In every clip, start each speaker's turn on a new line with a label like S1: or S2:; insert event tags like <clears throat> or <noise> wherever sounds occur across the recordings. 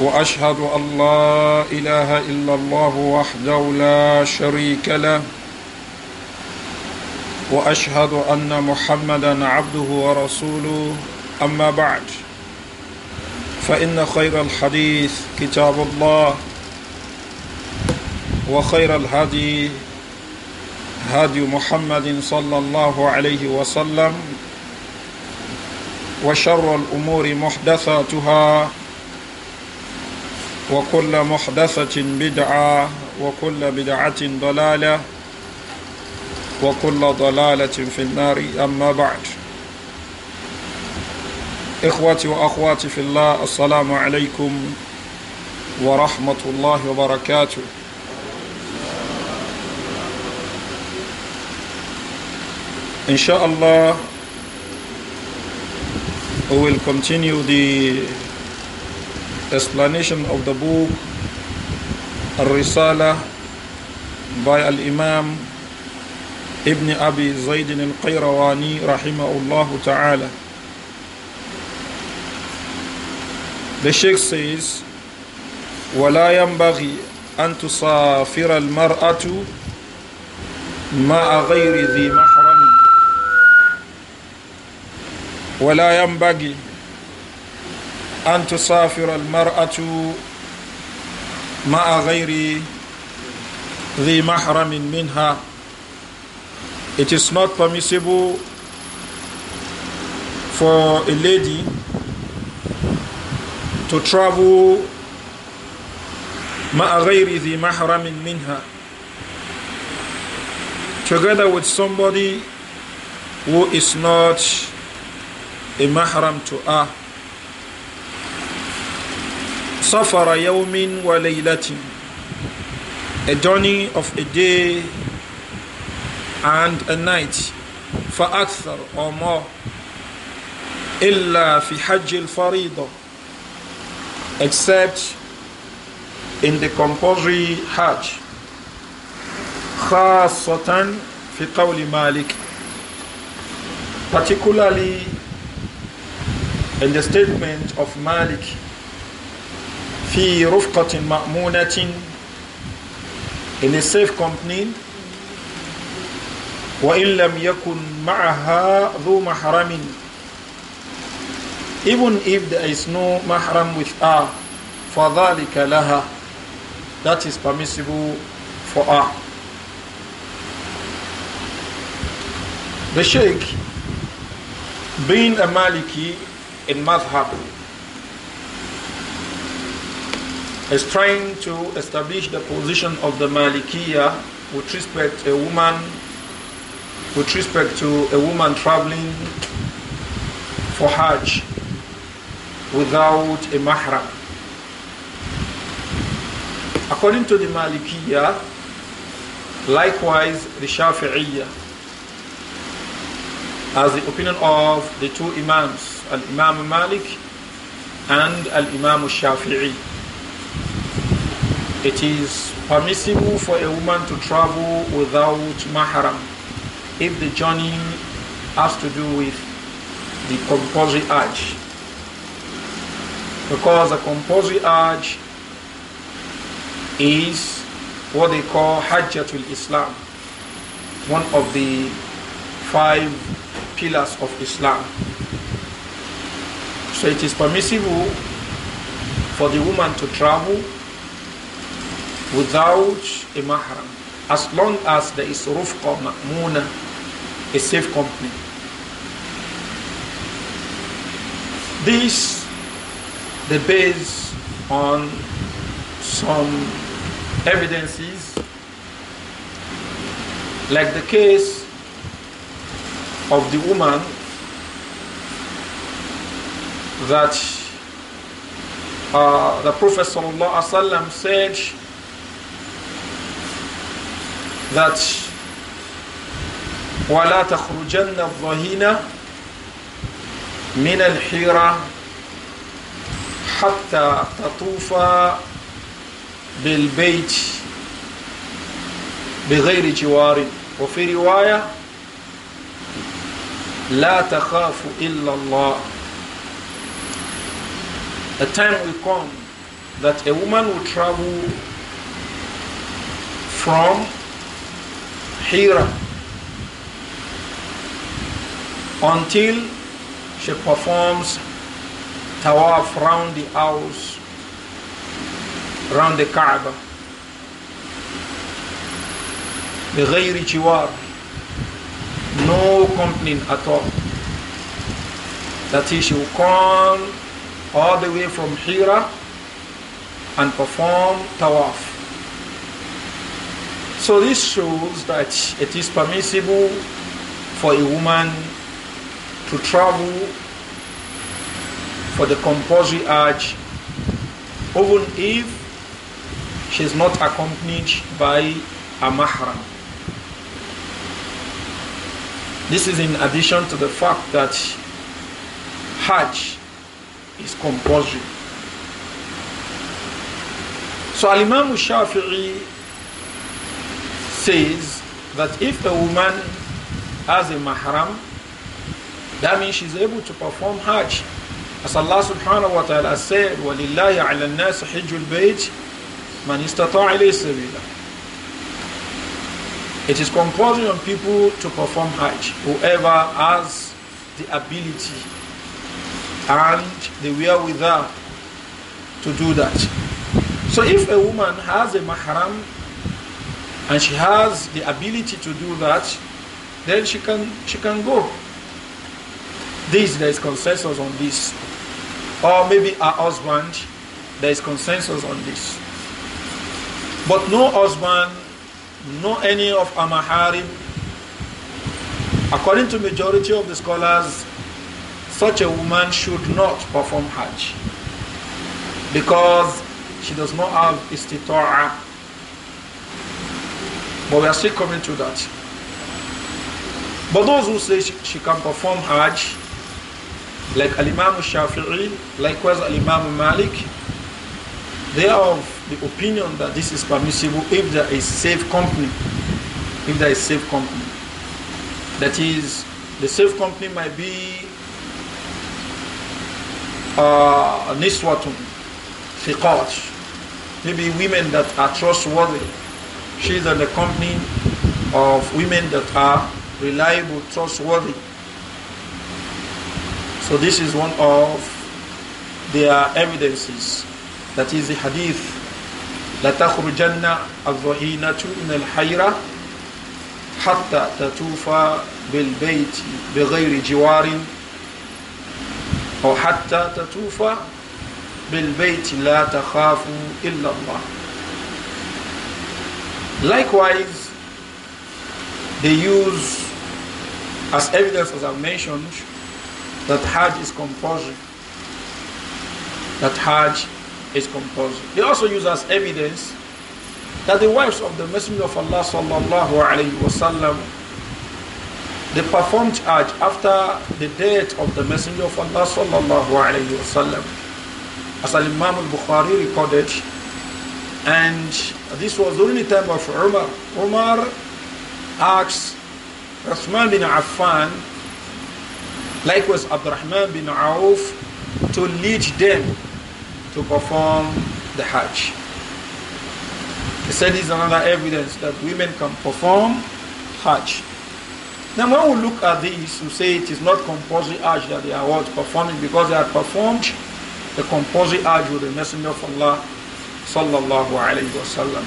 S1: واشهد ان لا اله الا الله وحده لا شريك له واشهد ان محمدا عبده ورسوله اما بعد فان خير الحديث كتاب الله وخير الهدي هدي محمد صلى الله عليه وسلم وشر الامور محدثاتها وكل محدثة بدعة وكل بدعة ضلالة وكل ضلالة في النار أما بعد إخوتي وأخواتي في الله السلام عليكم ورحمة الله وبركاته إن شاء الله we will continue the explanation of the book Al-Risala by Al-Imam Ibn Abi Zayd Al-Qayrawani rahimahullah ta'ala. The Sheikh says, ولا ينبغي أن al المرأة مع غير ذي محرم ولا ينبغي أن تسافر المرأة مع غير ذي محرم منها It is not permissible for a lady to travel مع غير ذي محرم منها together with somebody who is not a mahram to her Safara yawmin wa laylatin. A journey of a day and a night. فأكثر or more. إلا في حج الفريضة. Except in the compulsory Hajj. خاصة في قول Malik, Particularly in the statement of Malik في رفقة مأمونة in a safe company وإن لم يكن معها ذو محرم even if there is no mahram with her فذلك لها that is permissible for her the sheikh being a maliki in madhab is trying to establish the position of the Malikiya with respect a woman with respect to a woman traveling for Hajj without a mahram. According to the Malikiya, likewise the Shafi'iyya, as the opinion of the two Imams, Al-Imam Malik and Al-Imam Shafi'i it is permissible for a woman to travel without mahram if the journey has to do with the compulsory hajj because the compulsory hajj is what they call hajjatul islam one of the five pillars of islam so it is permissible for the woman to travel without a mahram, as long as there is rufqa ma'muna, a safe company. This the base on some evidences like the case of the woman that uh, the Prophet ﷺ said that وَلَا تَخْرُجَنَّ الظَّهِينَ مِنَ الْحِيرَةِ حَتَّى تَطُوفَ بِالْبَيْتِ بِغَيْرِ جِوَارٍ وفي رواية لا تخاف إلا الله A time will come that a woman will travel from Hira until she performs tawaf round the house, round the Kaaba. بغير جوار no company at all that is she will come all the way from Hira and perform tawaf so this shows that it is permissible for a woman to travel for the compulsory Hajj even if she is not accompanied by a mahram. This is in addition to the fact that Hajj is compulsory. So Al-Imam Shafi'i says that if a woman has a mahram, that means she's able to perform Hajj. As Allah subhanahu wa ta'ala said, وَلِلَّهِ عَلَى النَّاسِ حِجُّ الْبَيْتِ مَنْ إِسْتَطَاعَ إِلَيْهِ It is compulsory on people to perform Hajj, whoever has the ability and the will wherewithal to do that. So if a woman has a mahram, and she has the ability to do that, then she can she can go. This there is consensus on this. Or maybe her husband, there is consensus on this. But no husband, no any of Amahari, according to majority of the scholars, such a woman should not perform Hajj because she does not have istita'ah but we are still coming to that. But those who say she, she can perform Hajj, like Al-Imam Shafi'i, likewise Al-Imam Malik, they are of the opinion that this is permissible if there is safe company. If there is safe company. That is, the safe company might be uh, Niswatun, maybe women that are trustworthy She's in the company of women that are reliable, trustworthy. So this is one of their evidences. That is the hadith. لَتَخْرُجَنَّ الظَّهِينَةُ مِنَ الْحَيْرَةِ حَتَّى تَتُوفَ بِالْبَيْتِ بِغَيْرِ جِوَارٍ أو حتى تتوفى بالبيت لا تخاف إلا الله Likewise, they use as evidence, as i mentioned, that Hajj is compulsory. That Hajj is compulsory. They also use as evidence that the wives of the Messenger of Allah sallallahu alayhi wasallam they performed Hajj after the death of the Messenger of Allah sallallahu alayhi wasallam. As Imam al-Bukhari recorded, and this was the only time of Umar. Umar asked Rahman bin Affan, likewise Abdurrahman bin Auf, to lead them to perform the Hajj. He said this is another evidence that women can perform Hajj. Now, when we look at this, we say it is not compulsory Hajj that they are performing because they had performed the compulsory Hajj with the Messenger of Allah sallallahu alayhi wasallam.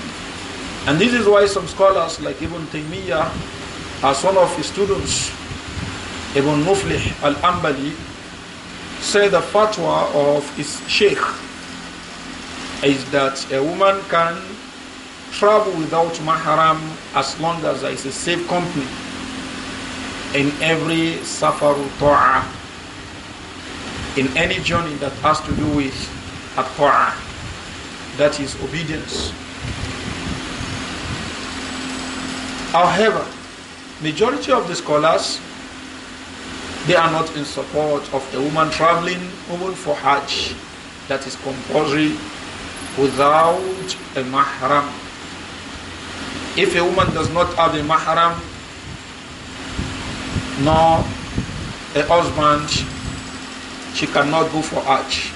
S1: And this is why some scholars like Ibn Taymiyyah, as one of his students, Ibn Muflih al-Ambali, say the fatwa of his sheikh is that a woman can travel without mahram as long as there is a safe company in every safaru ta'ah, in any journey that has to do with a ta'ah that is obedience. However, majority of the scholars they are not in support of a woman traveling even for Hajj that is compulsory without a mahram. If a woman does not have a mahram, nor a husband, she cannot go for Hajj.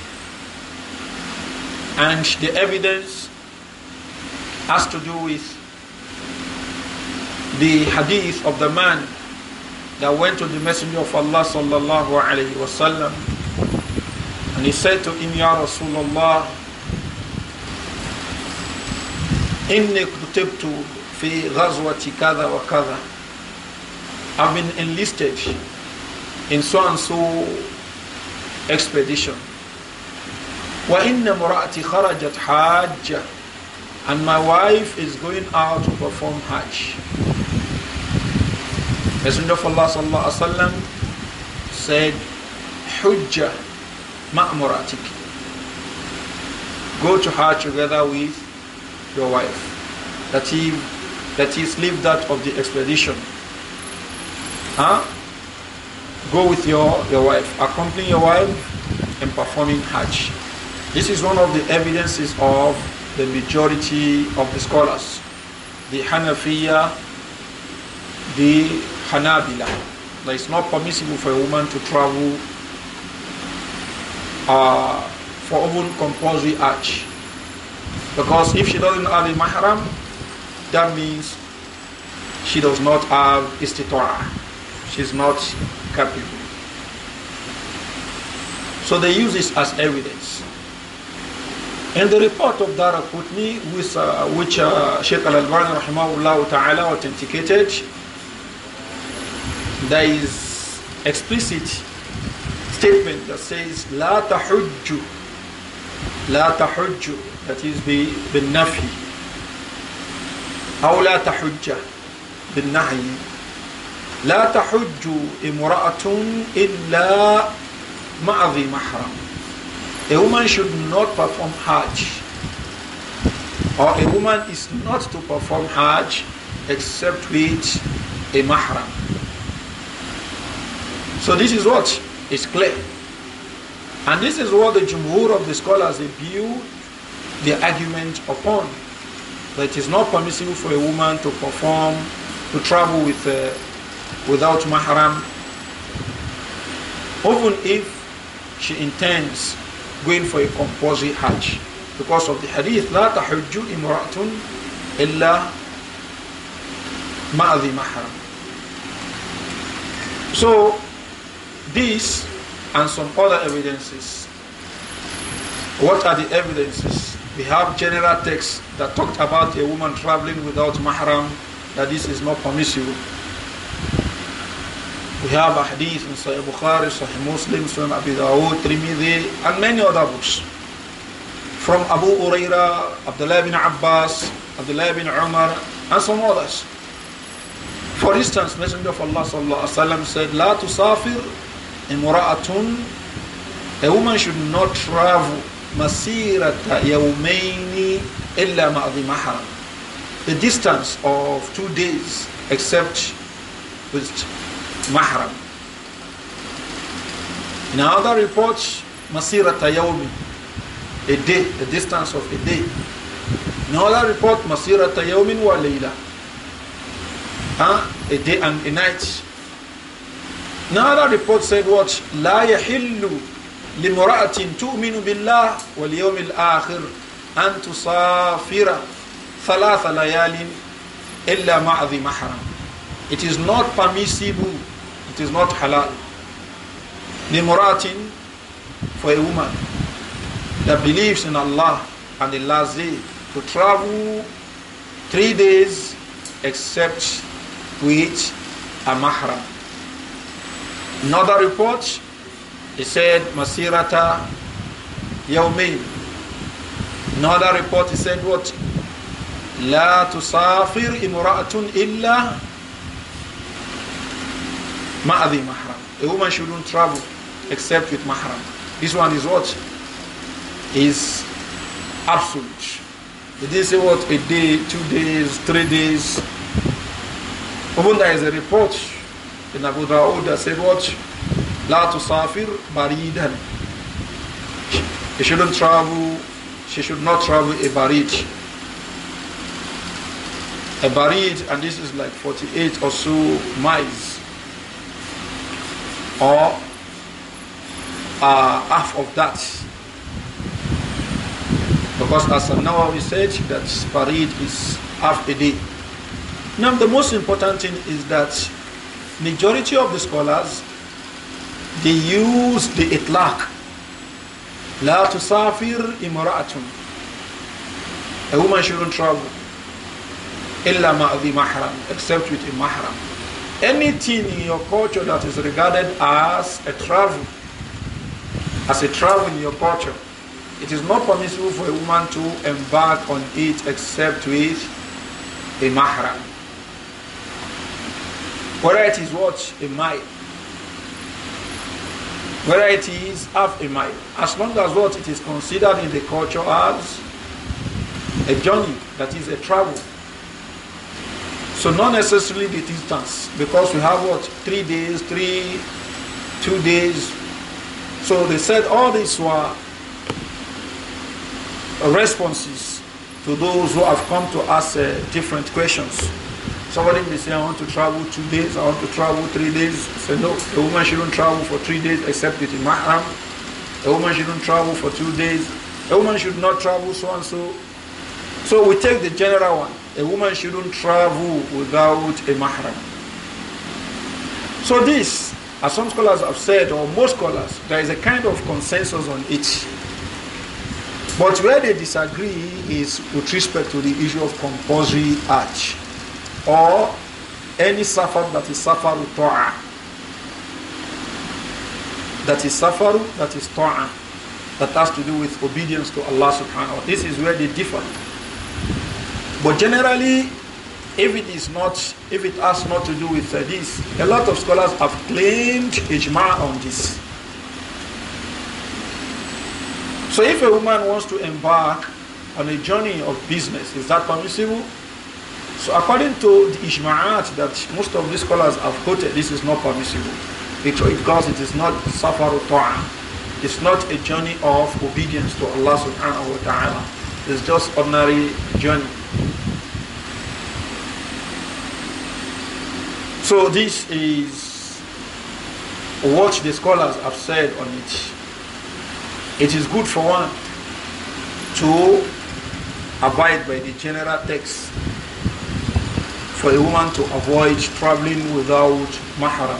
S1: And the evidence has to do with the hadith of the man that went to the Messenger of Allah sallallahu alayhi wasallam and he said to him, Ya Rasulullah, إني كتبت في kaza wa kaza. I've been enlisted in so and so expedition. وَإِنَّ مُرَأَتِي خَرَجَتْ حَاجَّةً And my wife is going out to perform Hajj. Messenger of Allah sallallahu alaihi wasallam said, "Hujja ma'muratik." Go to Hajj together with your wife. That he, that is, leave that of the expedition. Huh? Go with your your wife. Accompany your wife in performing Hajj. This is one of the evidences of the majority of the scholars. The Hanafiya, the Hanabila. That it's not permissible for a woman to travel uh, for even compulsory hajj. Because if she doesn't have a mahram, that means she does not have istitara. She's not capable. So they use this as evidence. In the report of Dara Kutni, which, uh, which uh, Sheikh Al-Albani rahimahullah ta'ala authenticated, there is explicit statement that says, La tahujju, la tahujju, that is the bin nafi, أو لا تحج بالنهي لا تحج امرأة إلا مع ذي محرم A woman should not perform Hajj. Or a woman is not to perform Hajj except with a mahram. So this is what is clear. And this is what the Jumhur of the scholars build their argument upon. That it is not permissible for a woman to perform, to travel with, uh, without mahram, even if she intends going for a compulsory Hajj because of the hadith لا تحج امرأة إلا مع ذي محرم So this and some other evidences. What are the evidences? We have general texts that talked about a woman traveling without mahram, that this is not permissible. We have hadith in Sahih Bukhari, Sahih Muslim, Sahih Abi Dawood, Trimidi, and many other books. From Abu Uraira, Abdullah bin Abbas, Abdullah bin Umar, and some others. For instance, Messenger of Allah sallallahu alaihi wasallam said, "La tusafir imra'atun." A woman should not travel masirata yawmayni illa ma'adhi mahram. The distance of two days, except with mahram. In another report, Masira yawmi, a day, the distance of a day. In another report, Masira yawmin wa layla, a day and a night. In another report said what? لا يحل لمرأة تؤمن بالله واليوم الآخر أن تسافر ثلاث ليال إلا مع ذي It is not permissible it is not halal. Limuratin for a woman that believes in Allah and the last day to travel three days except with a mahram. Another report, he said, Masirata Yawmin. Another report, he said, what? لا تسافر امرأة إلا Ma'adhi mahram. A woman shouldn't travel except with mahram. This one is what? Is absolute. didn't say what? A day, two days, three days. Even there is a report in Abu Dhabi that said what? La tusafir baridan. She shouldn't travel, she should not travel a barid. A barid, and this is like 48 or so miles or uh, half of that. Because as now we said that Farid is half a day. Now the most important thing is that majority of the scholars they use the itlaq. La tusafir imra'atun. A woman shouldn't travel. Illa ma'adhi mahram. Except with a mahram anything in your culture that is regarded as a travel, as a travel in your culture, it is not permissible for a woman to embark on it except with a mahram. Whether it is what? A mile. Whether it is half a mile. As long as what it is considered in the culture as a journey, that is a travel. So not necessarily the distance, because we have what three days, three, two days. So they said all these were responses to those who have come to ask uh, different questions. Somebody may say, I want to travel two days, I want to travel three days. say, no, a woman shouldn't travel for three days except with mahram. A woman shouldn't travel for two days. A woman should not travel so and so. So we take the general one a woman shouldn't travel without a mahram. So this, as some scholars have said, or most scholars, there is a kind of consensus on it. But where they disagree is with respect to the issue of compulsory hajj or any safar that is safar ta'a. That is safar that is ta'a. That has to do with obedience to Allah subhanahu wa ta'ala. This is where they differ. But generally, if it is not, if it has not to do with uh, this, a lot of scholars have claimed ijma on this. So if a woman wants to embark on a journey of business, is that permissible? So according to the ijma'at that most of these scholars have quoted, this is not permissible because it is not safaru ta'am. It's not a journey of obedience to Allah subhanahu wa ta'ala. It's just ordinary journey. So this is what the scholars have said on it. It is good for one to abide by the general text for a woman to avoid traveling without mahram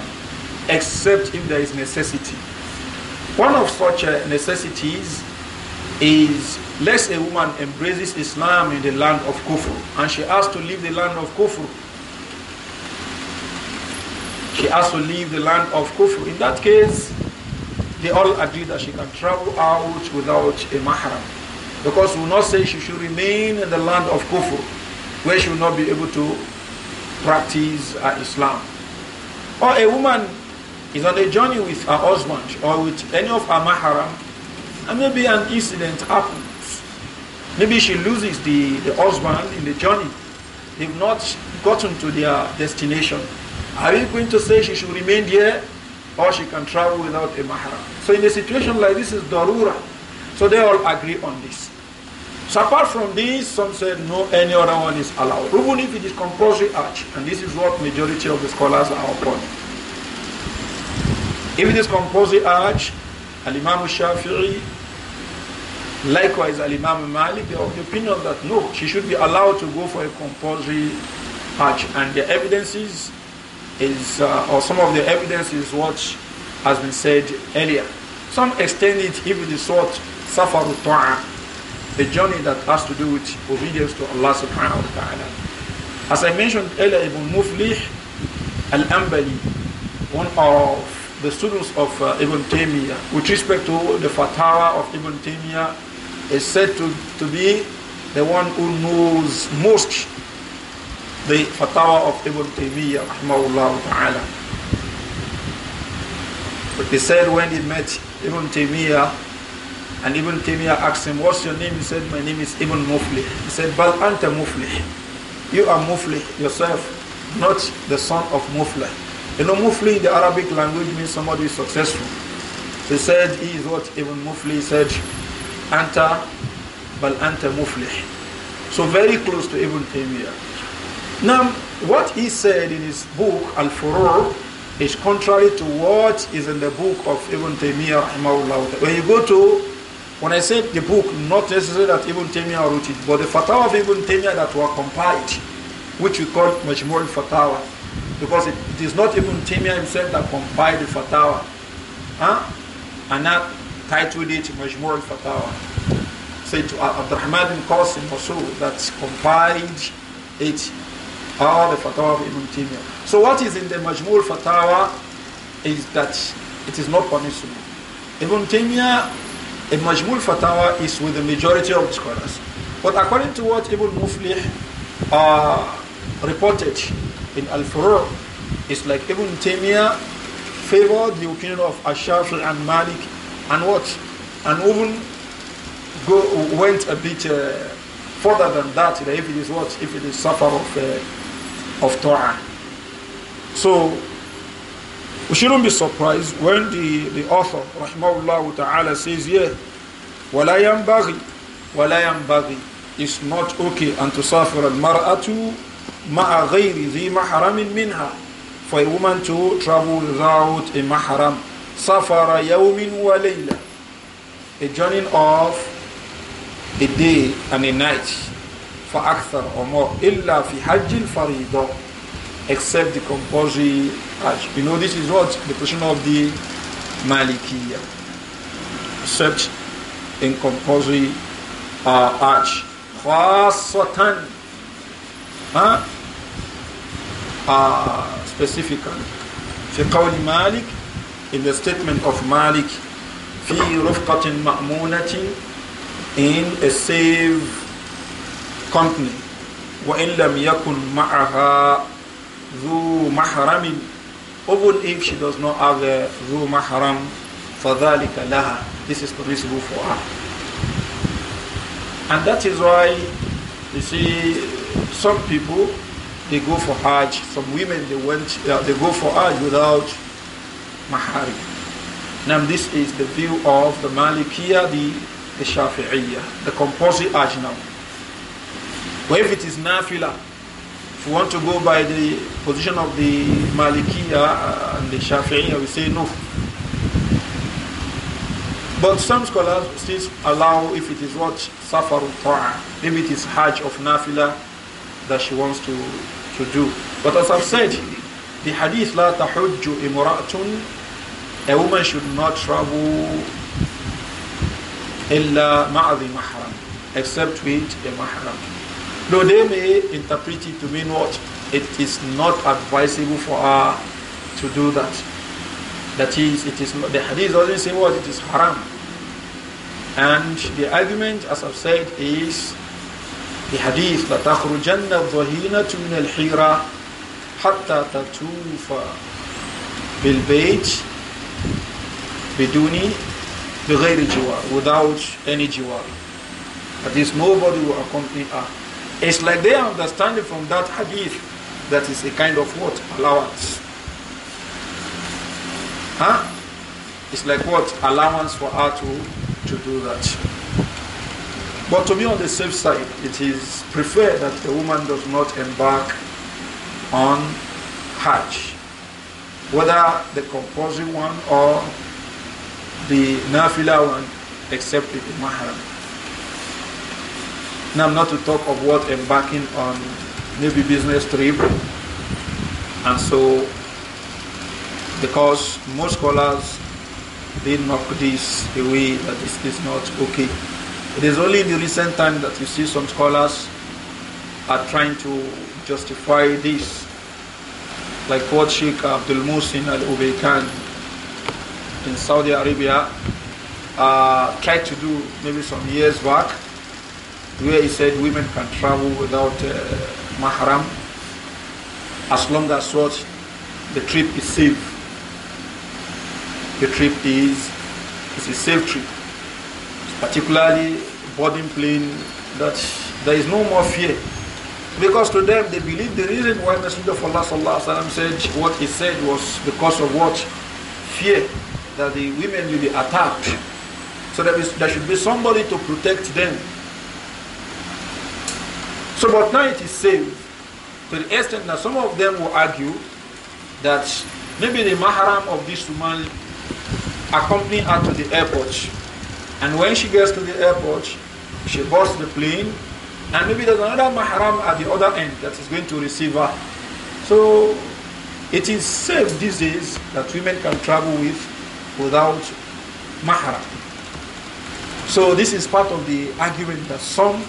S1: except if there is necessity. One of such uh, necessities is lest a woman embraces Islam in the land of Kufr and she has to leave the land of Kufr she has to leave the land of Kufu. In that case, they all agree that she can travel out without a mahram. Because we will not say she should remain in the land of Kufu, where she will not be able to practice uh, Islam. Or a woman is on a journey with her husband or with any of her mahram, and maybe an incident happens. Maybe she loses the, the husband in the journey. They've not gotten to their destination are you going to say she should remain here or she can travel without a mahar? So in a situation like this is darura. So they all agree on this. So apart from this, some said no, any other one is allowed, even if it is compulsory arch, and this is what majority of the scholars are upon. If it is compulsory arch, Al-Imam Shafi'i, likewise Al-Imam Malik, they are of the opinion that no, she should be allowed to go for a compulsory arch, and the evidences is, uh, or some of the evidence is what has been said earlier. Some extend it even the sort safaru ta'a, a journey that has to do with obedience to Allah subhanahu wa ta'ala. As I mentioned earlier, Ibn Muflih al-Ambali, one of the students of uh, Ibn Taymiyyah, with respect to the fatwa of Ibn Taymiyyah, is said to, to be the one who knows most the fatwa of Ibn Taymiyyah ta'ala. But he said when he met Ibn Taymiyyah, and Ibn Taymiyyah asked him, what's your name? He said, my name is Ibn Mufli." He said, "But anta Mufli, You are Mufli yourself, not the son of Mufli." You know, Mufli in the Arabic language means somebody is successful. He said, he is what Ibn Mufli said, anta, bal anta Mufli, So very close to Ibn Taymiyyah. Now, what he said in his book, Al Furur, is contrary to what is in the book of Ibn Taymiyyah. When you go to, when I said the book, not necessarily that Ibn Taymiyyah wrote it, but the fatwa of Ibn Taymiyyah that were compiled, which we call Majmul fatwa, because it, it is not Ibn Taymiyyah himself that compiled the fatwa, Huh? And that titled it Majmul fatwa. Say to to Abdurrahman bin Qasim Rasul that compiled it so what is in the Majmul fatwa is that it is not permissible. Ibn Taymiyyah, a Majmul fatwa, is with the majority of the scholars. But according to what Ibn Muflih uh, reported in Al Furu, it's like Ibn Taymiyyah favored the opinion of Ashafi and Malik and what? And even go, went a bit uh, further than that, if it is what? If it is suffer of. Uh, of Torah. So we shouldn't be surprised when the, the author, Rahmahullah Ta'ala, says, Yeah, Walayam yambaghi, Walayam yambaghi. It's not okay and to suffer al mar'atu ma'a ghayri dhi mahramin minha. For a woman to travel without a mahram. Safara yawmin wa layla. A journey of a day and a night. For فأكثر or more illa fi حج farido except the compulsory Hajj. You know this is what the position of the Malikiya except in compulsory uh, Hajj. خاصة huh? uh, specifically في قول مالك in the statement of Malik في رفقة مأمونة in a safe company وَإِن لَمْ يَكُنْ مَعَهَا ذُو مَحْرَمٍ Even if she does not have a ذُو مَحْرَمٍ فَذَلِكَ لَهَا This is permissible for her. And that is why you see some people they go for Hajj. Some women they went uh, they go for Hajj without mahari. Now this is the view of the Malikiya, the, the the composite Hajj now. But if it is nafila, if we want to go by the position of the Malikiya and the Shafi'iyya, we say no. But some scholars still allow if it is what safarul ta'a, maybe it is Hajj of nafila that she wants to, to do. But as I've said, the hadith la tahujju imra'atun, a woman should not travel illa ma'adhi mahram, except with a mahram. Though they may interpret it to mean what? It is not advisable for her to do that. That is, it is the hadith doesn't say what? It is haram. And the argument, as I've said, is the hadith that تخرجن الظهينة من الحيرة حتى bil بالبيت بدون بغير جوار without any جوار. That is nobody will accompany her. It's like they are understanding from that hadith that is a kind of what? Allowance. Huh? It's like what? Allowance for her to, to do that. But to me, on the safe side, it is preferred that the woman does not embark on Hajj, whether the compulsory one or the nafila one, except the mahram. Now, not to talk of what embarking on maybe business trip. And so, because most scholars, they knock this away that this is not okay. It is only in the recent time that you see some scholars are trying to justify this, like what Sheikh Abdul Musin al Ubaikan in Saudi Arabia uh, tried to do maybe some years back where he said women can travel without uh, mahram as long as what the trip is safe. The trip is it's a safe trip, particularly boarding plane that there is no more fear. Because to them they believe the reason why Messenger of Allah sallam, said what he said was because of what? Fear that the women will be attacked. So there, is, there should be somebody to protect them so, but now it is safe to the extent that some of them will argue that maybe the mahram of this woman accompanied her to the airport. And when she gets to the airport, she boards the plane, and maybe there's another mahram at the other end that is going to receive her. So it is safe these days that women can travel with without mahram. So this is part of the argument that some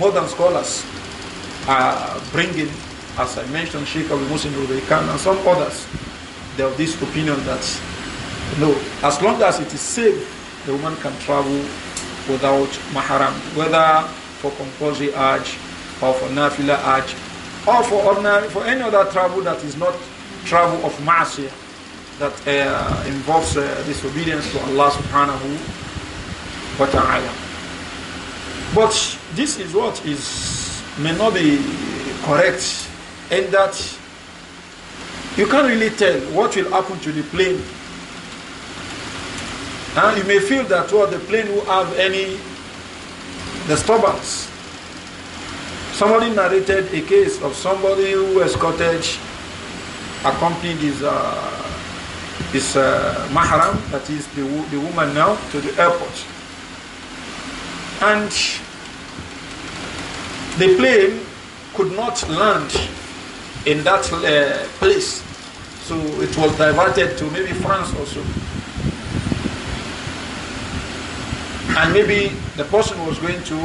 S1: modern scholars uh, bringing, as I mentioned, Sheikh Abu Muslim Rudaikan and some others, they have this opinion that no, as long as it is safe, the woman can travel without mahram, whether for compulsory hajj or for nafila hajj or for ordinary, for any other travel that is not travel of masya that uh, involves uh, disobedience to Allah subhanahu wa ta'ala. But this is what is may not be correct and that you can't really tell what will happen to the plane. And you may feel that well, the plane will have any disturbance. Somebody narrated a case of somebody who escorted, accompanied his, uh, his uh, mahram, that is the, the woman now, to the airport. And the plane could not land in that uh, place. So it was diverted to maybe France also, And maybe the person was going to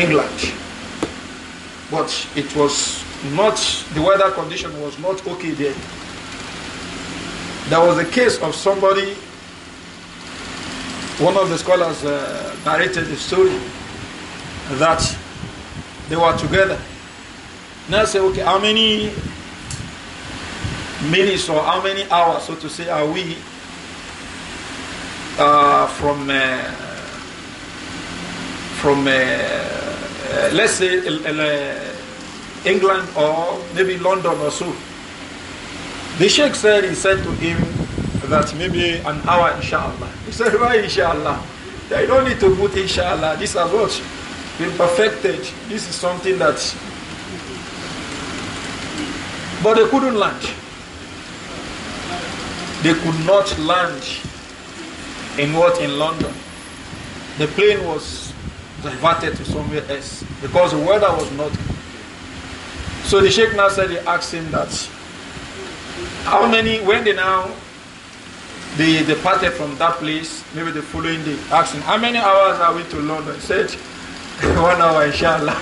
S1: England. But it was not, the weather condition was not okay there. There was a case of somebody, one of the scholars uh, narrated the story that they were together. Now I say, okay, how many minutes or how many hours, so to say, are we uh, from uh, from uh, uh let's say uh, uh, England or maybe London or so? The sheikh said he said to him that maybe an hour, inshallah. He said, why, inshallah? They don't need to put inshallah. This is what been perfected. This is something that. But they couldn't land. They could not land in what? In London. The plane was diverted to somewhere else because the weather was not. good. So the Sheikh now said, he asked him that. How many, when they now they departed from that place, maybe the following day, asking, How many hours are we to London? He said, <laughs> one hour inshallah.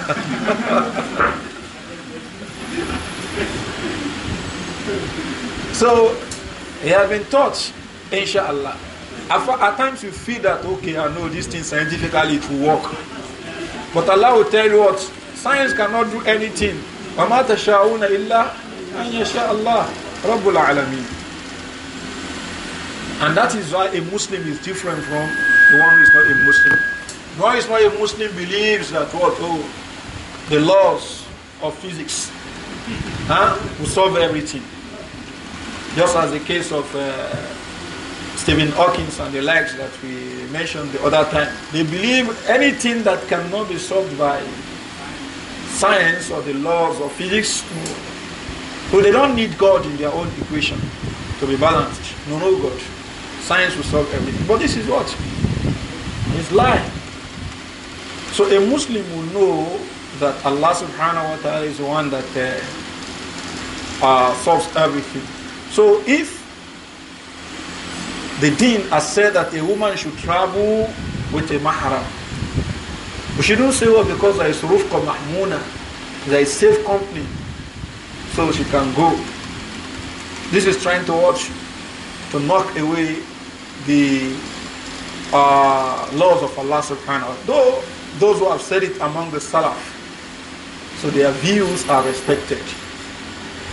S1: so he has been taught inshallah. At times you feel that okay, I know this thing scientifically it will work. But Allah will tell you what science cannot do anything. وَمَا تَشَاءُونَ إِلَّا أَنْ يَشَاءَ اللَّهُ رَبُّ الْعَالَمِينَ and that is why a Muslim is different from the one who is not a Muslim. Why is why a Muslim believes that what oh, the laws of physics huh, will solve everything? Just as the case of uh, Stephen Hawking and the likes that we mentioned the other time. They believe anything that cannot be solved by science or the laws of physics, well, they don't need God in their own equation to be balanced. No, no God. Science will solve everything. But this is what? It's lie. So a Muslim will know that Allah subhanahu wa ta'ala is the one that uh, uh, solves everything. So if the deen has said that a woman should travel with a mahram, we shouldn't say, well, oh, because there is Rufqa Mahmuna, there is safe company, so she can go. This is trying to watch, to knock away the uh, laws of Allah subhanahu wa ta'ala. Though those who have said it among the Salaf. So their views are respected.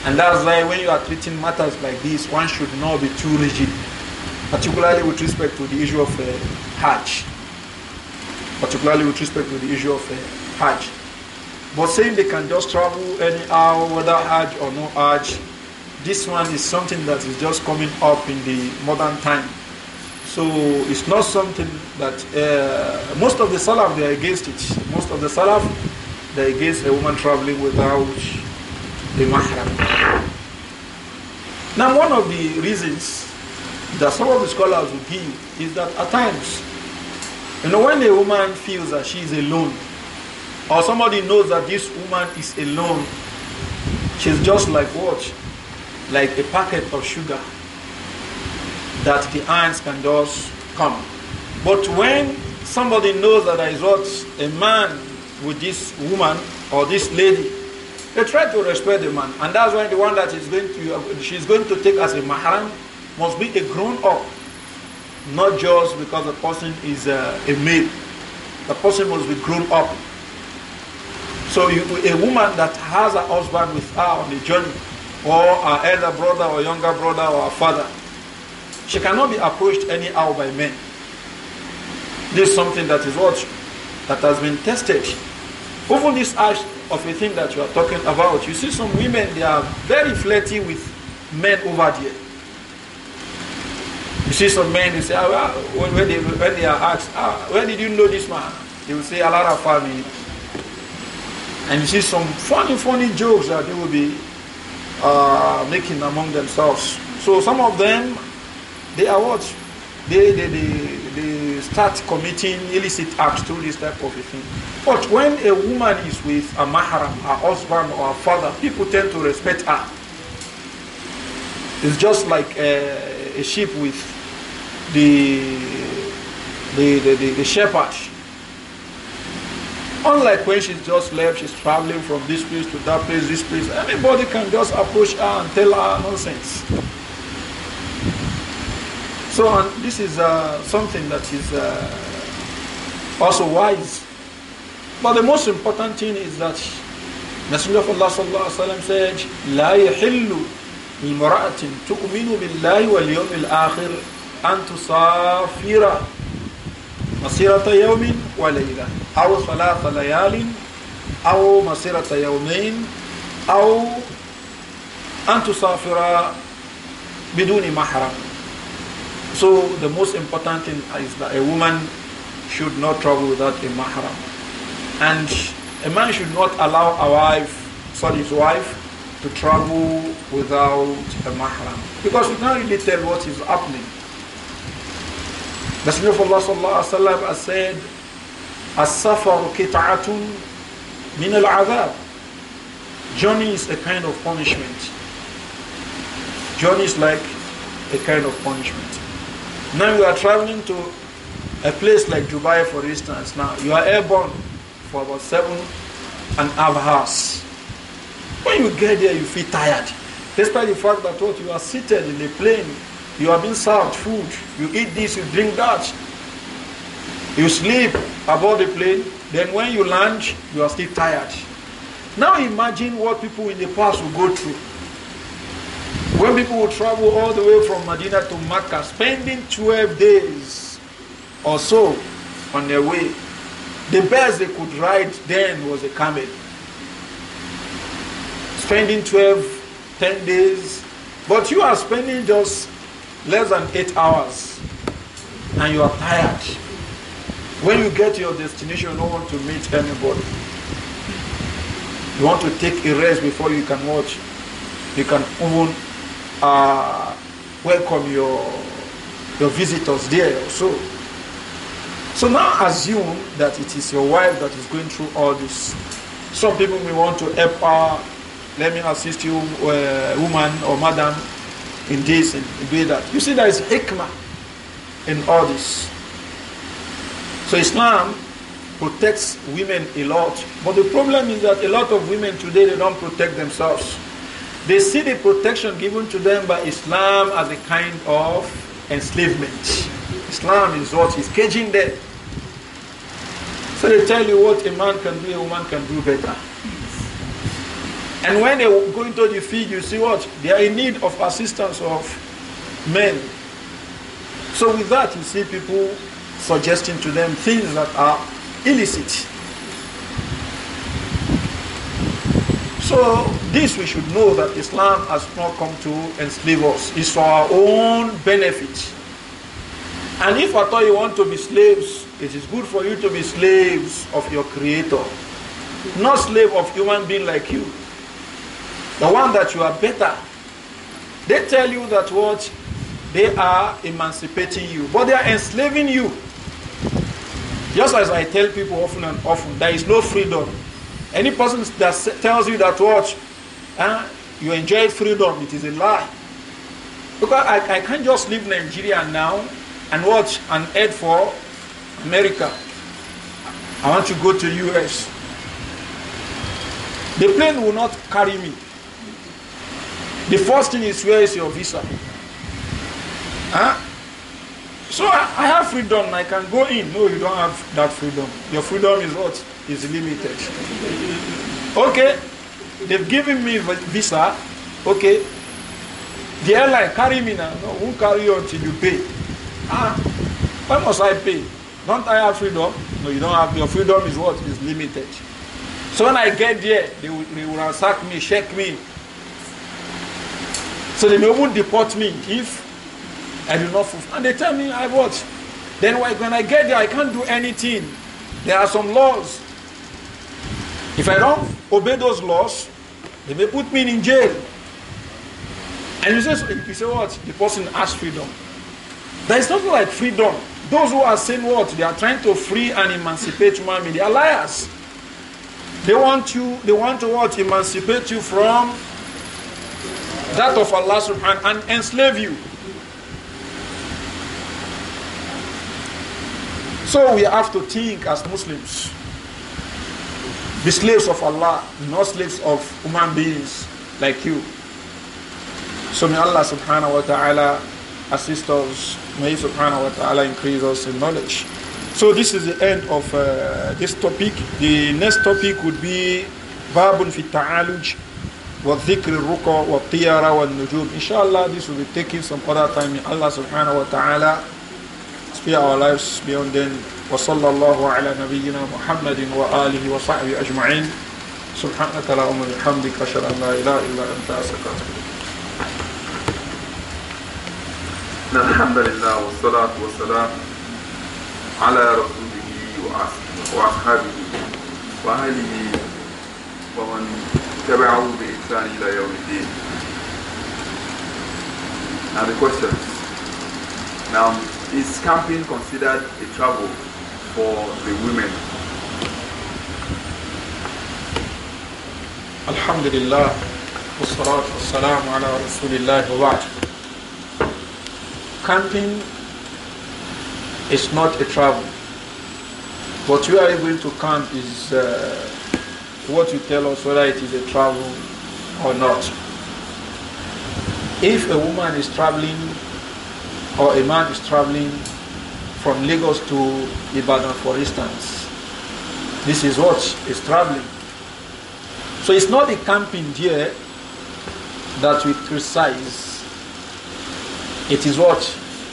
S1: And that's why when you are treating matters like this, one should not be too rigid, particularly with respect to the issue of uh, Hajj. Particularly with respect to the issue of uh, Hajj. But saying they can just travel anyhow, whether Hajj or no Hajj, this one is something that is just coming up in the modern time so it's not something that uh, most of the Salaf they are against it. Most of the Salaf they are against a woman traveling without a mahram. Now, one of the reasons that some of the scholars will give is that at times, you know, when a woman feels that she is alone, or somebody knows that this woman is alone, she's just like what, like a packet of sugar that the ants can just come. But when somebody knows that I wrote a man with this woman or this lady, they try to respect the man, and that's when the one that is going to she's going to take as a mahram must be a grown up, not just because the person is a, uh, a male. The person must be grown up. So you, a woman that has a husband with her on the journey, or her elder brother or younger brother or her father, she cannot be approached anyhow by men. This is something that is what? That has been tested. Over this act of a thing that you are talking about, you see some women, they are very flirty with men over there. You see some men, they say, ah, well, when, they, when they are asked, ah, where did you know this man? They will say, "A lot of family. And you see some funny, funny jokes that they will be uh, making among themselves. So some of them they are what? They, they, they, they start committing illicit acts through this type of a thing. But when a woman is with a mahram, her husband or her father, people tend to respect her. It's just like a, uh, a sheep with the, the, the, the, the shepherd. Unlike when she's just left, she's traveling from this place to that place, this place. Anybody can just approach her and tell her nonsense. So this is uh, something that is uh, also wise. But the most important thing is that Messenger of Allah sallallahu alaihi wasallam said, لا يحل لمرأة تؤمن بالله واليوم الآخر أن تسافر مسيرة يوم وليلة أو ثلاث ليال أو مسيرة يومين أو أن تسافر بدون محرم so the most important thing is that a woman should not travel without a mahram. And a man should not allow a wife, sorry, his wife, to travel without a mahram. Because we can't really tell what is happening. Messenger of Allah sallallahu alayhi wa sallam has said, as safar kit'atun min al-'adab. Journey is a kind of punishment. Journey is like a kind of punishment. Now you are traveling to a place like Dubai, for instance. Now you are airborne for about seven and a half hours. When you get there, you feel tired. Despite the fact that what you are seated in a plane, you are being served food, you eat this, you drink that, you sleep aboard the plane, then when you land, you are still tired. Now imagine what people in the past will go through. When people will travel all the way from Medina to Mecca, spending 12 days or so on their way, the best they could ride then was a camel. Spending 12, 10 days, but you are spending just less than 8 hours and you are tired. When you get to your destination, you don't want to meet anybody. You want to take a rest before you can watch. You can own uh, welcome your your visitors there also. So now assume that it is your wife that is going through all this. Some people may want to help her. Let me assist you, uh, woman or madam, in this and do that. You see, there is hikmah in all this. So Islam protects women a lot. But the problem is that a lot of women today, they don't protect themselves. They see the protection given to them by Islam as a kind of enslavement. Islam is what is caging them. So they tell you what a man can do, a woman can do better. And when they go into the field, you see what? They are in need of assistance of men. So with that, you see people suggesting to them things that are illicit. So this we should know that Islam has not come to enslave us. It's for our own benefit. And if at all you want to be slaves, it is good for you to be slaves of your creator. Not slave of human being like you. The one that you are better. They tell you that what they are emancipating you, but they are enslaving you. Just as I tell people often and often, there is no freedom any person that tells you that what uh, you enjoy freedom, it is a lie. Because I, I can't just leave Nigeria now and watch and head for America. I want to go to US. The plane will not carry me. The first thing is where is your visa? Huh? Ah? So I, I have freedom. I can go in. No, you don't have that freedom. Your freedom is what? is limited. Okay, they've given me visa. Okay, the airline carry me now. No, won't carry you until you pay. Ah, why must I pay? Don't I have freedom? No, you don't have. Your freedom is what is limited. So when I get there, they will, they will ransack me, check me. So they may not deport me if I do not fulfill. And they tell me I what? Then when I get there, I can't do anything. There are some laws if I don't obey those laws, they may put me in jail. And you say, you say what? The person has freedom. There is nothing like freedom. Those who are saying what? They are trying to free and emancipate human beings. They are liars. They want you, they want to what? Emancipate you from that of Allah subhanahu and, and enslave you. So we have to think as Muslims the slaves of Allah, not slaves of human beings like you. So may Allah subhanahu wa ta'ala assist us. May subhanahu wa ta'ala increase us in knowledge. So this is the end of uh, this topic. The next topic would be Babun fi ta'aluj wa dhikr ruqa wa tiyara wa nujum. Inshallah this will be taking some other time. May Allah subhanahu wa ta'ala في our lives beyond then وصلى الله على نبينا محمد وآله وصحبه أجمعين سبحانك اللهم وبحمدك أشهد أن لا إله إلا أنت أستغفرك
S2: الحمد لله والصلاة والسلام على رسوله وأصحابه وأهله ومن تبعه بإحسان إلى يوم الدين. Now the questions. Now Is camping considered a travel for the women?
S1: Alhamdulillah, لله والصلاة والسلام Camping is not a travel. What you are able to camp is uh, what you tell us whether it is a travel or not. If a woman is traveling or a man is traveling from Lagos to Ibadan, for instance. This is what is traveling. So it's not the camping here that we criticize. It is what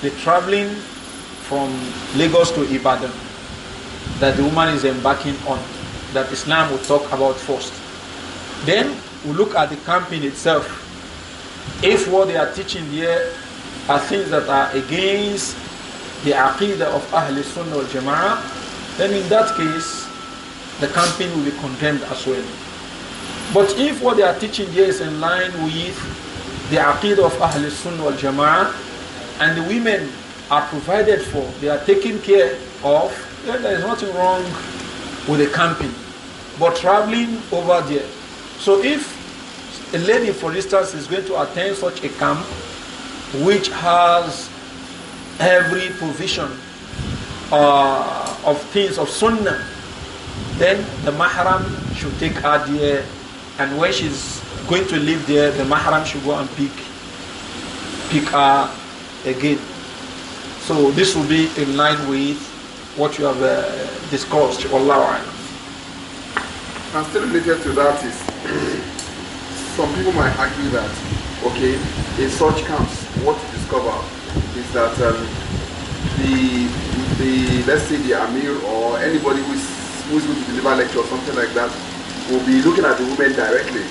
S1: the traveling from Lagos to Ibadan that the woman is embarking on, that Islam will talk about first. Then we look at the camping itself. If what they are teaching here are things that are against the aqidah of ahli Sunnah wal Jama'ah, then in that case, the camping will be condemned as well. But if what they are teaching here is in line with the aqidah of ahli Sunnah wal Jama'ah, and the women are provided for, they are taken care of, then there is nothing wrong with the camping, but traveling over there. So if a lady, for instance, is going to attend such a camp, which has every provision uh, of things of sunnah, then the mahram should take her there. And when she's going to leave there, the mahram should go and pick, pick her again. So this will be in line with
S2: what you have uh, discussed. Wallahu alam. And still related to that is <clears throat> some people might argue that, okay, in such camps, what you discover is that um, the, the, let's say the Amir or anybody who is, who is going to deliver lecture or something like that will be looking at the women directly.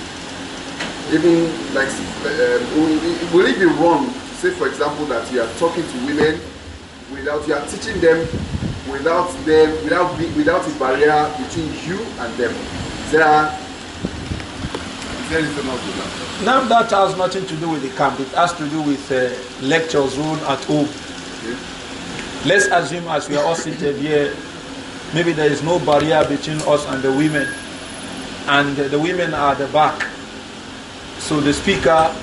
S2: Even like, um, will it be wrong to say, for example, that you are talking to women without, you are teaching them without them, without, without a barrier between you and them? There are
S1: now that has nothing to do with the camp. It has to do with uh, lecture zone at home. Okay. Let's assume as we are all seated here, maybe there is no barrier between us and the women. And the women are at the back. So the speaker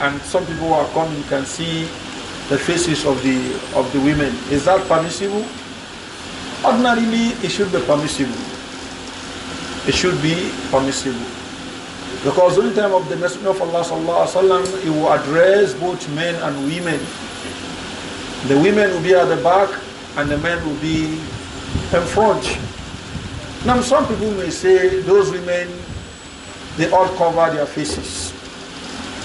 S1: and some people who are coming can see the faces of the of the women. Is that permissible? Ordinarily, it should be permissible. It should be permissible. Because in time of the Messenger of Allah sallallahu alaihi wasallam, he will address both men and women. The women will be at the back and the men will be in front. Now some people may say those women, they all cover their faces.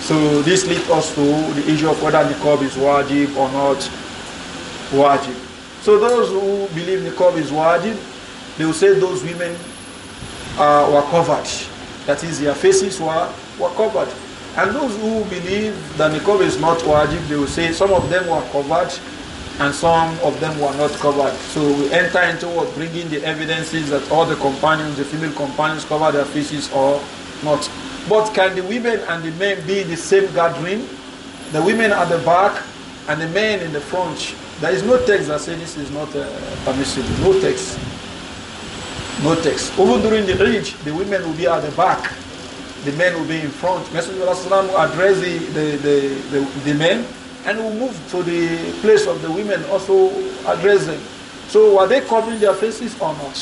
S1: So this leads us to the issue of whether niqab is wajib or not wajib. So those who believe niqab is wajib, they will say those women uh, were covered. That is, their faces were, were covered. And those who believe that niqab is not wajib, they will say some of them were covered and some of them were not covered. So we enter into what bringing the evidences that all the companions, the female companions, cover their faces or not. But can the women and the men be the same gathering? The women at the back and the men in the front. There is no text that says this is not uh, permissible. No text. No text. Even during the Eid, the women will be at the back, the men will be in front. Messenger of Allah will address the, the, the, the, the men and will move to the place of the women, also address them. So are they covering their faces or not?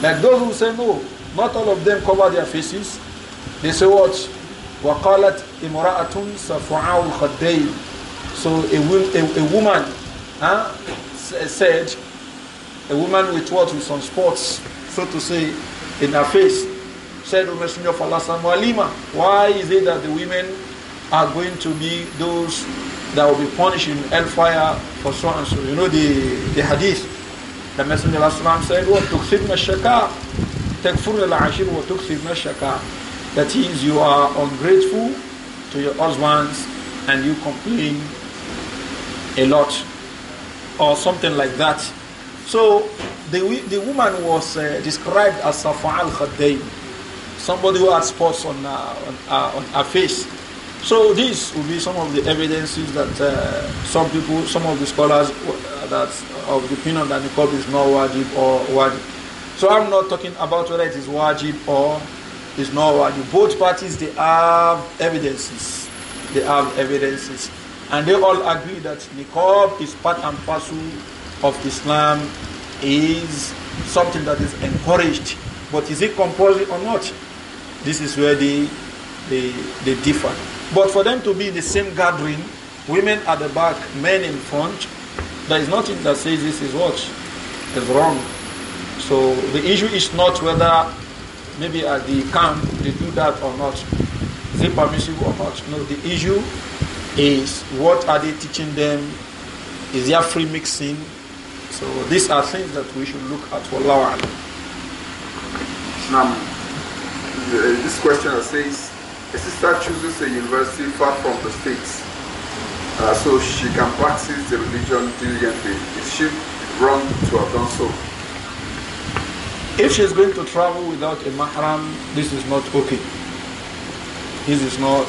S1: Like those who say no, not all of them cover their faces. They say what? وَقَالَتْ إِمْرَأَةٌ al الْخَدَّيْنِ So a, a, a woman huh, said, a woman with what? With some spots so to say, in her face. Said the Messenger of Allah, why is it that the women are going to be those that will be punished in hellfire for so and so? You know the, the hadith. The Messenger of Allah said, What? Tuksibna shaka, takfurna al-ashir wa tuksibna shaka. That is, you are ungrateful to your husbands and you complain a lot or something like that. So the, the woman was uh, described as Safa al Khaddain, somebody who had spots on, uh, on, uh, on, her face. So this would be some of the evidences that uh, some people, some of the scholars uh, that of the opinion that niqab is not wajib or wajib. So I'm not talking about whether it is wajib or is not wajib. Both parties they have evidences. They have evidences. And they all agree that niqab is part and parcel of Islam is something that is encouraged. But is it compulsory or not? This is where they, they, they differ. But for them to be in the same gathering, women at the back, men in front, there is nothing that says this is what is wrong. So the issue is not whether maybe at the camp they do that or not. Is it permissible or not? No, the issue is what are they teaching them? Is there free mixing? So these are things that we should look at. for alam.
S2: Now, uh, this question says, a sister chooses a university far from the states uh, so she can practice the religion diligently. Is she wrong to have done so?
S1: If she's going to travel without a mahram, this is not okay. This is not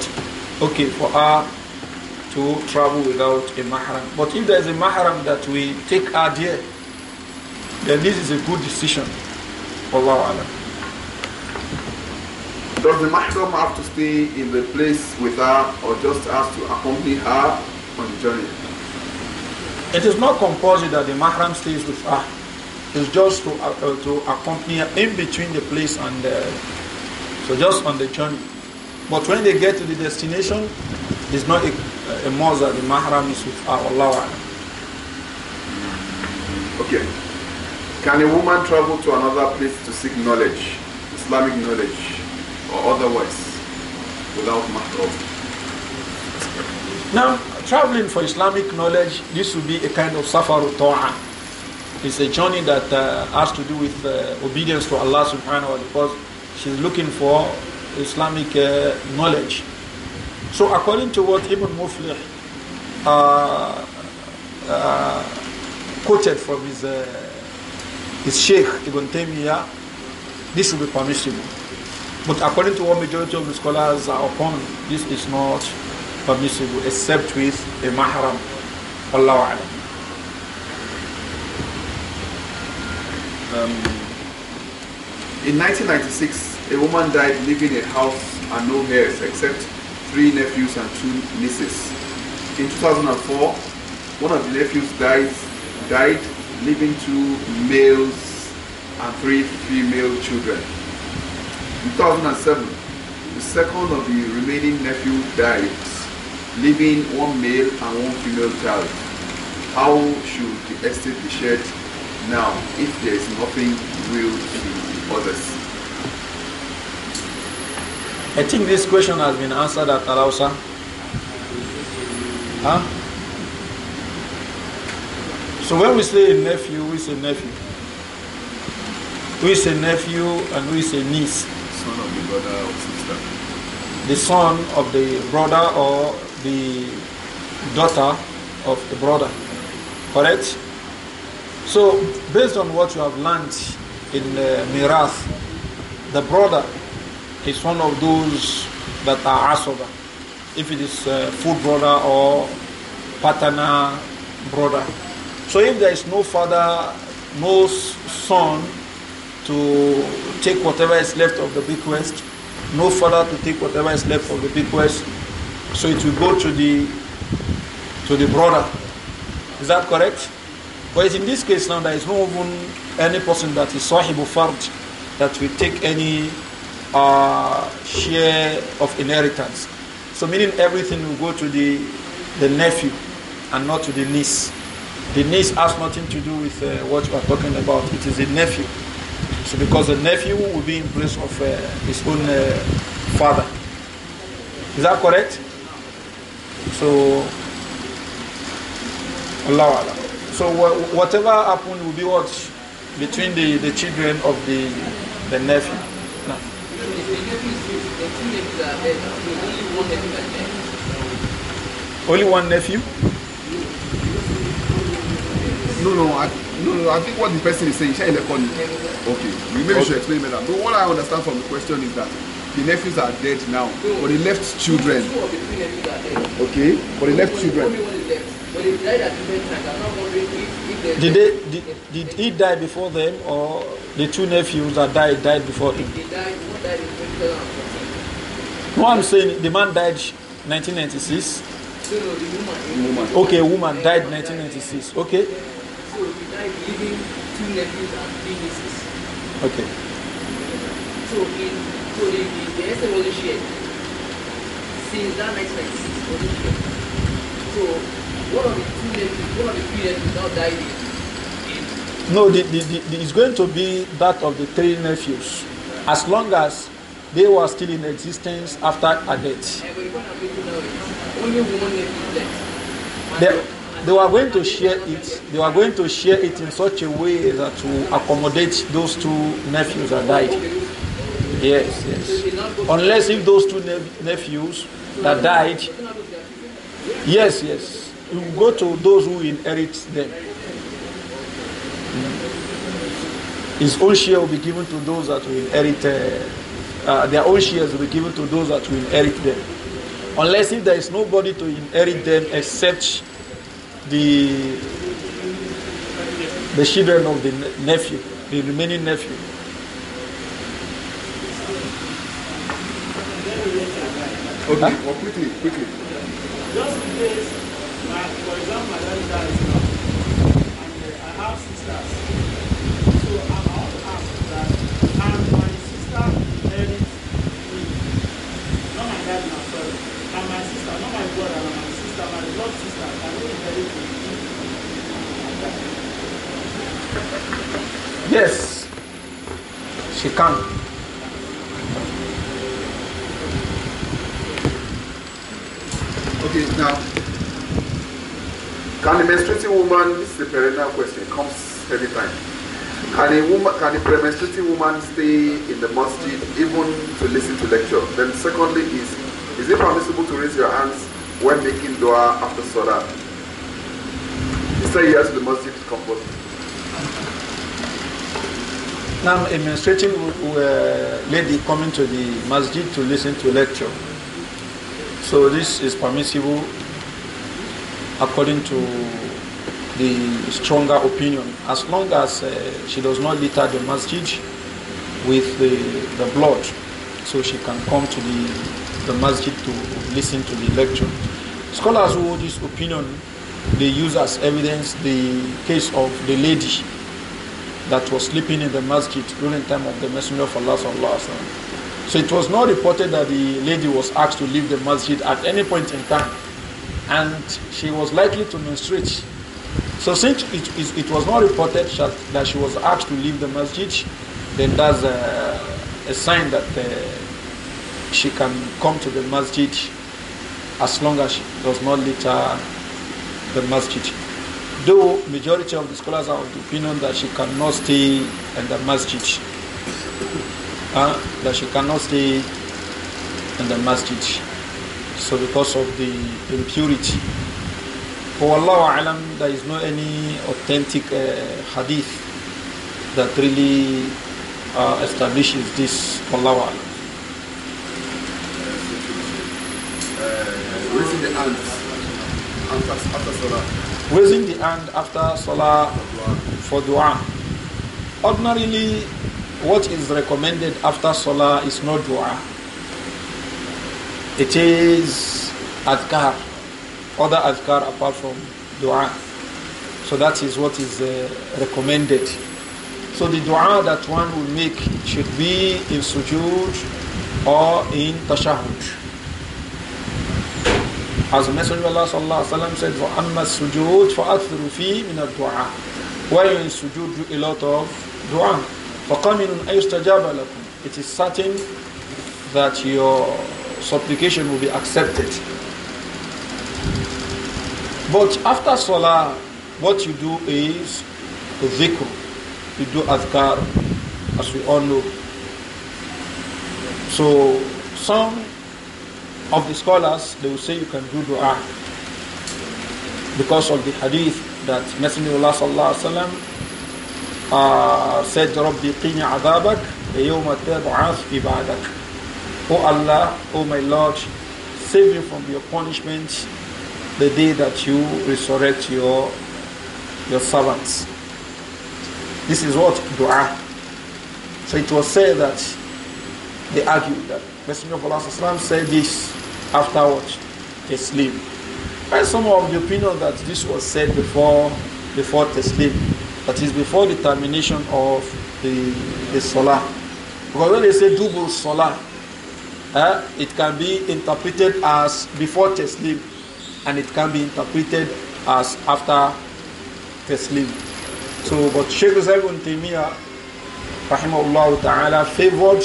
S1: okay for her to travel without a mahram. But if there is a mahram that we take our dear, then this is a good decision.
S2: Allah Allah. Does the mahram have to stay in the place with her or just has to accompany her on the journey?
S1: It is not compulsory that the mahram stays with her. It's just to, uh, uh to accompany her in between the place and the, uh, so just on the journey. But when they get to the destination, it's not a a mother, the mahram is with uh, Allah.
S2: Okay. Can a woman travel to another place to seek knowledge, Islamic knowledge, or otherwise, without mahram? Now,
S1: traveling for Islamic knowledge, this would be a kind of safar ta'a. It's a journey that uh, has to do with uh, obedience to Allah subhanahu wa ta'ala because she's looking for Islamic uh, knowledge. So according to what Ibn Muflih uh, uh, quoted from his, uh, his Sheikh Ibn Taymiyyah, this will be permissible. But according to what majority of the scholars are upon, this is not permissible except with
S2: a mahram. Allah Um, in 1996, a woman died leaving a house and no heirs except three nephews and two nieces. In 2004, one of the nephews died, died leaving two males and three female children. In 2007, the second of the remaining nephew died, leaving one male and one female child. How should the estate be shared now if there is nothing real to the others?
S1: I think this question has been answered at Alausa. Huh? So when we say a nephew, we say nephew. We say nephew and we say niece. Son of the brother or sister. The son of the brother or the daughter of the brother. Correct? So based on what you have learned in uh, Mirath, the brother is one of those that are asoba. If it is uh, full brother or paternal brother. So if there is no father, no son to take whatever is left of the bequest, no father to take whatever is left of the bequest, so it will go to the to the brother. Is that correct? But in this case now there is no even any person that is sahibu fard that will take any uh, share of inheritance. So meaning everything will go to the, the nephew and not to the niece. The niece has nothing to do with uh, what you are talking about. It is the nephew. So because the nephew will be in place of uh, his own uh, father. Is that correct? So, Allah Allah. So whatever happened will be what? Between the, the children of the, the nephew.
S2: Only one nephew? No, no, I, no, no, I think what the person is saying, Okay, maybe okay. you should explain better. But what I understand from the question is that the nephews are dead now, no. but he left children. Two of the three nephews are dead. Okay, but he left only, children. Only one left. But died at Did, they, did, did he die
S1: before them, or the two nephews that died died before him?
S2: They died. One died
S1: in No, I'm saying the man died 1996. Okay, woman died 1996. Okay.
S2: So he died leaving two nephews and three nieces. Okay. So in holy week. They say holy shit. Since that 1996, holy shit. So one of the two names, one of the three names now died in.
S1: No, the, the, the, it's going to be that of the three nephews, as long as they were still in existence after a death. They, they were going to share it. They were going to share it in such a way that to accommodate those two nephews that died. Yes,
S2: yes. Unless
S1: if those two nep nephews that died, yes, yes, you go to those who inherit them. His own share will be given to those that will inherit. Uh, uh, their own shares will be given to those that will inherit them. Unless if there is nobody to inherit them except the the children of the nephew, the remaining nephew. Okay, huh? well, quickly, quickly. Just in case, like, for example, my daddy dies now, and uh, I have sisters. So I'm out to ask that, and my sister inherits me. Not my dad now, sorry. And my sister, not my brother, but my sister, my love sister, can will inherit me. Yes, she can.
S2: Okay, now, can a menstruating woman, this is a perennial question, comes every time. Can a woman, can a premenstruating woman stay in the masjid even to listen to lecture? Then secondly is, is it permissible to raise your hands when making dua after salah? He said yes, the masjid is compulsory.
S1: Now, a menstruating uh, lady coming to the masjid to listen to lecture. So this is permissible according to the stronger opinion, as long as uh, she does not litter the masjid with the, the blood, so she can come to the, the masjid to listen to the lecture. Scholars who hold this opinion, they use as evidence the case of the lady that was sleeping in the masjid during the time of the Messenger of Allah sallallahu alaihi wasallam. So it was not reported that the lady was asked to leave the masjid at any point in time. And she was likely to menstruate. So since it, it, it was not reported that she was asked to leave the masjid, then that's a, a sign that uh, she can come to the masjid as long as she does not litter the masjid. Though majority of the scholars are of the opinion that she cannot stay in the masjid huh? that she cannot stay in the masjid. So because of the impurity. For Allah there is no any authentic uh, hadith that really uh, establishes this. Allah alam.
S2: Uh, raising the hand
S1: after Salah. Raising the hand after Salah for dua. Ordinarily, what is recommended after salah is not dua. It is adhkar, other adhkar apart from dua. So that is what is uh, recommended. So the dua that one will make should be in sujood or in tashahhud. As the Messenger of Allah sallallahu alaihi wasallam said, "وأما السجود فأكثر فيه من الدعاء." When you're in sujood, do a lot of dua. فَقَمِنٌ أَيُسْتَجَابَ لَكُمْ It is certain that your supplication will be accepted. But after Salah, what you do is dhikr. You do adhkar, as we all know. So some of the scholars, they will say you can do dua because of the hadith that Messenger of Allah sallallahu alaihi wasallam said Rabbi qini adabak yawma tad'af ibadak. O Allah, O my Lord, save me from your punishment the day that you resurrect your your servants. This is what dua. So it was said that they argued that Messenger of Allah said this afterwards Taslim. And some of the opinion that this was said before before Taslim. That is before the termination of the, the solar. Because when they say dubur solar, uh, eh, it can be interpreted as before taslim and it can be interpreted as after taslim. So, but Sheikh Zaybun Taymiyyah, rahimahullah ta'ala, favored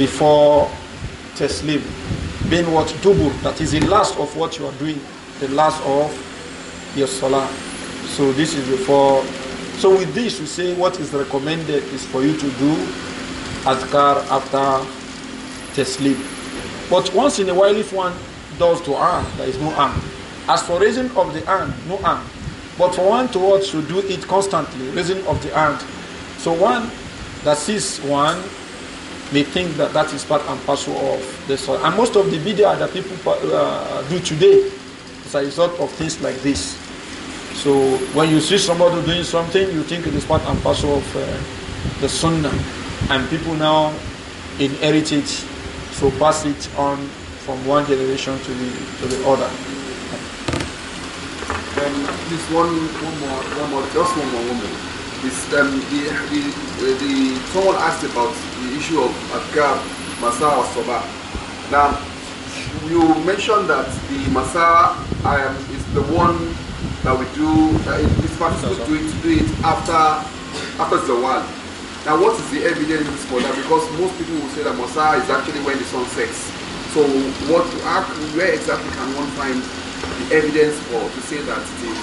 S1: before taslim, being what dubur, that is the last of what you are doing, the last of your salah. So this is for. So with this, we say what is recommended is for you to do adhkar after the sleep. But once in a while, if one does to arm, there is no harm. As for raising of the hand, no harm. But for one to what should do it constantly, raising of the hand. So one that sees one may think that that is part and parcel of the soil. And most of the video that people uh, do today is a result of things like this. So when you see somebody doing something, you think it is part and parcel of uh, the sunnah, and people now inherit it, so pass it on from one generation to the to the other.
S2: Um, this one, one more, one more, just one more, one more. um, the, the, the, someone asked about the issue of Adkar, Masa or Soba. Now, you mentioned that the Masa um, is the one that we do, that it's permissible to do it, to do it after, after the one. Now, what is the evidence for that? Because most people will say that Masa is actually when the sun sets. So, what, where exactly can one find the evidence for to say that it is?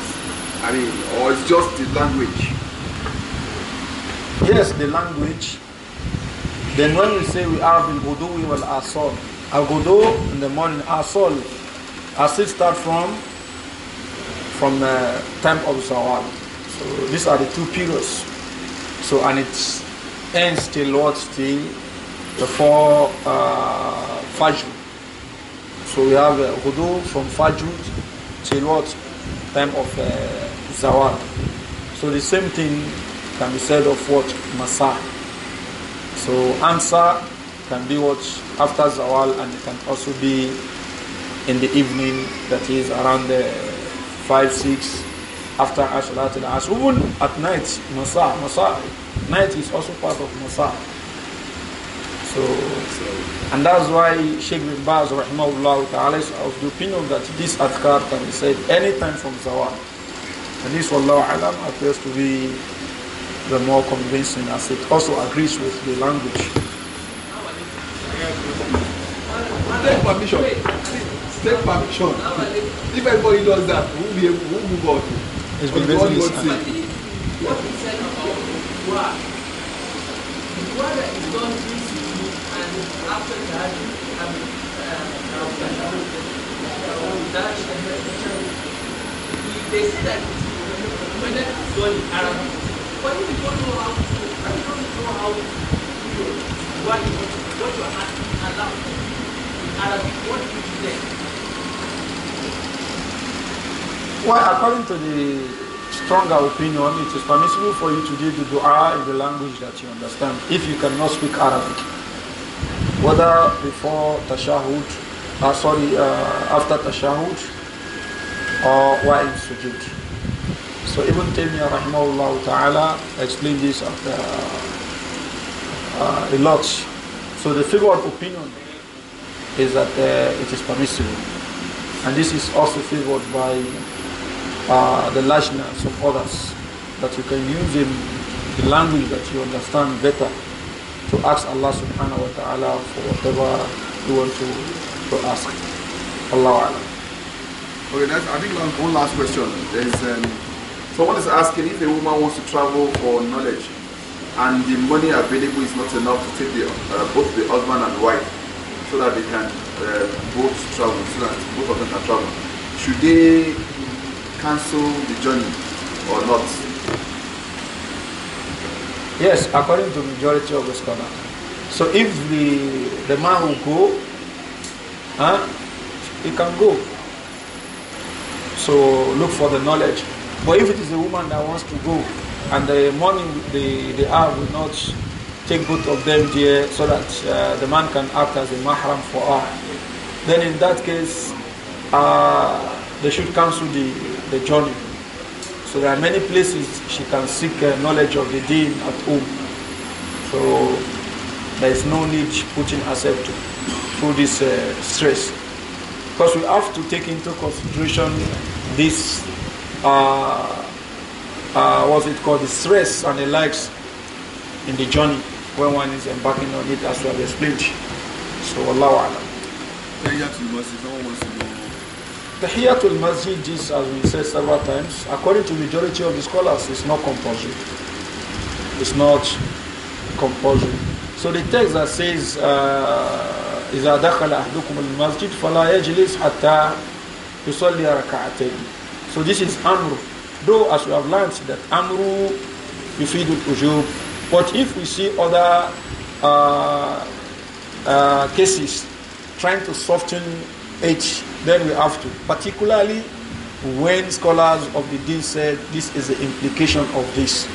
S2: I mean, or it's just the language? Yes, the language. Then when we say we have al we
S1: wal asol, al ghudu in the morning, asol, asil start from from the time of Zawal. So these are the two periods. So and it ends till what? Till before uh, Fajr. So we have uh, from Fajr till what? Time of uh, Zawal. So the same thing can be said of what? Masa. So Ansa can be what? After Zawal and it can also be in the evening that is around the 5, 6, after Ashalat after Ash. Even at night, Masa, Masa. Night is also part of Masa. So, and that's why Sheikh bin Baz, rahimahullah ta'ala, is of the opinion that this adhkar can be said anytime from Zawar. And this, wallahu alam, appears to be the more convincing as it also agrees with the language.
S2: take permission if everybody does that we be able we move on it's been very what he said about oh, work the that is done this and after that i mean they say that when that is done in arabic but if you don't know how to if you don't know how to do what you what you are allowed in arabic what you do
S1: Well, according to the stronger opinion, it is permissible for you to do the dua in the language that you understand if you cannot speak Arabic. Whether before tashahud, uh, sorry, uh, after tashahud, or while in sujood. So Ibn Taymiyyah rahimahullah ta'ala explained this after uh, uh, a lot. So the favored opinion is that uh, it is permissible. And this is also favored by uh, the largeness of others, that you can use in the language that you understand better to ask Allah subhanahu wa ta'ala for whatever
S2: you want to, to ask. Allah Okay, that's, I think one last question. There's, um, someone is asking if a woman wants to travel for knowledge and the money available is not enough to take the, uh, both the husband and wife so that they can uh, both travel, so that both of them can travel. Should they cancel the journey or not?
S1: Yes, according to majority of the scholars. So if the, the man will go, huh, he can go. So look for the knowledge. But if it is a woman that wants to go, and the morning the, the hour will not take both of them there so that uh, the man can act as a mahram for her, then in that case, uh, they should cancel the, the journey. So there are many places she can seek uh, knowledge of the deen at home. So there is no need putting herself to, through this uh, stress. Because we have to take into consideration this, uh, uh what's it called, the stress and the likes in the journey when one is embarking on it as we have explained. So Allah Alam. Tahiyatul Masjid is, as we said several times, according to majority of the scholars, is not compulsory. It's not compulsory. So the text that says, إذا دخل أحدكم المسجد فلا يجلس حتى يصلي ركعتين. So this is Amru. Though, as we have learned, that Amru يفيد الوجوب. But if we see other uh, uh, cases trying to soften it, then we have to. Particularly when scholars of the deen said this is the implication of this.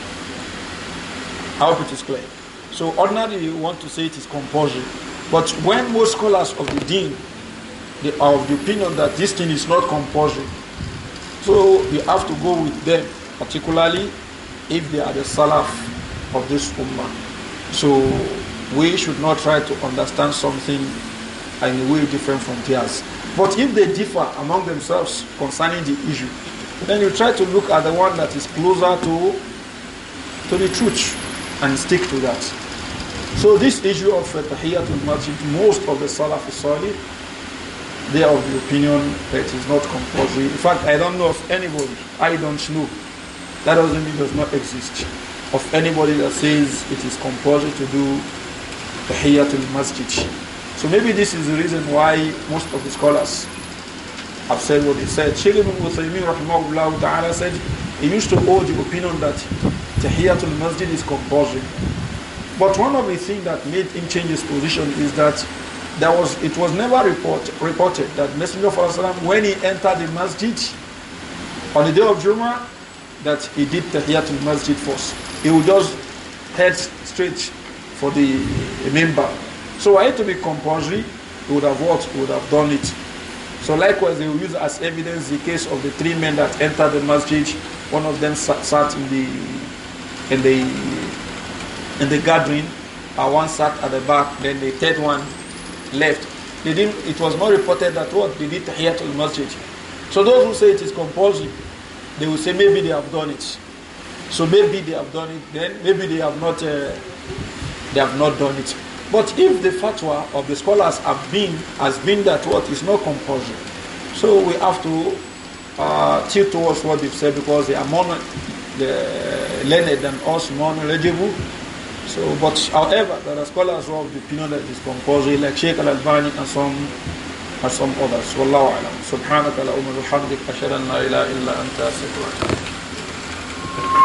S1: I hope it is clear. So ordinarily you want to say it is compulsion, But when most scholars of the deen they are of the opinion that this thing is not compulsion, so you have to go with them, particularly if they are the salaf of this ummah. So we should not try to understand something in a way different from theirs. But if they differ among themselves concerning the issue, then you try to look at the one that is closer to, to the truth and stick to that. So this issue of Tahiyatul Masjid, most of the Salaf they are of the opinion that it is not compulsory. In fact, I don't know of anybody, I don't know. That doesn't mean it does not exist. Of anybody that says it is compulsory to do Tahiyatul Masjid. So maybe this is the reason why most of the scholars have said what they said. Sheikh Ibn Uthaymin ta'ala said he used to hold the opinion that Tahiyatul Masjid is compulsory. But one of the things that made him change his position is that there was it was never report, reported that Messenger of Allah when he entered the masjid on the day of Juma that he did Tahiyatul Masjid first. He would just head straight for the member so I it to be compulsory, he would have worked, he would have done it. So likewise, they will use as evidence the case of the three men that entered the masjid. One of them sat, sat in the in the in the gathering, and one sat at the back. Then the third one left. They didn't. It was not reported that what they did here to the masjid. So those who say it is compulsory, they will say maybe they have done it. So maybe they have done it. Then maybe they have not. Uh, they have not done it. But if the fatwa of the scholars have been, has been that what is not compulsory, so we have to uh, tilt towards what they've said because they are more learned than us, more knowledgeable. So, but however, there are scholars who have the opinion that it's compulsory, like Sheikh Al Albani and some and some others. Wallahu alam. Subhanaka la umma bihamdik ashhadu an la ilaha illa anta astaghfiruka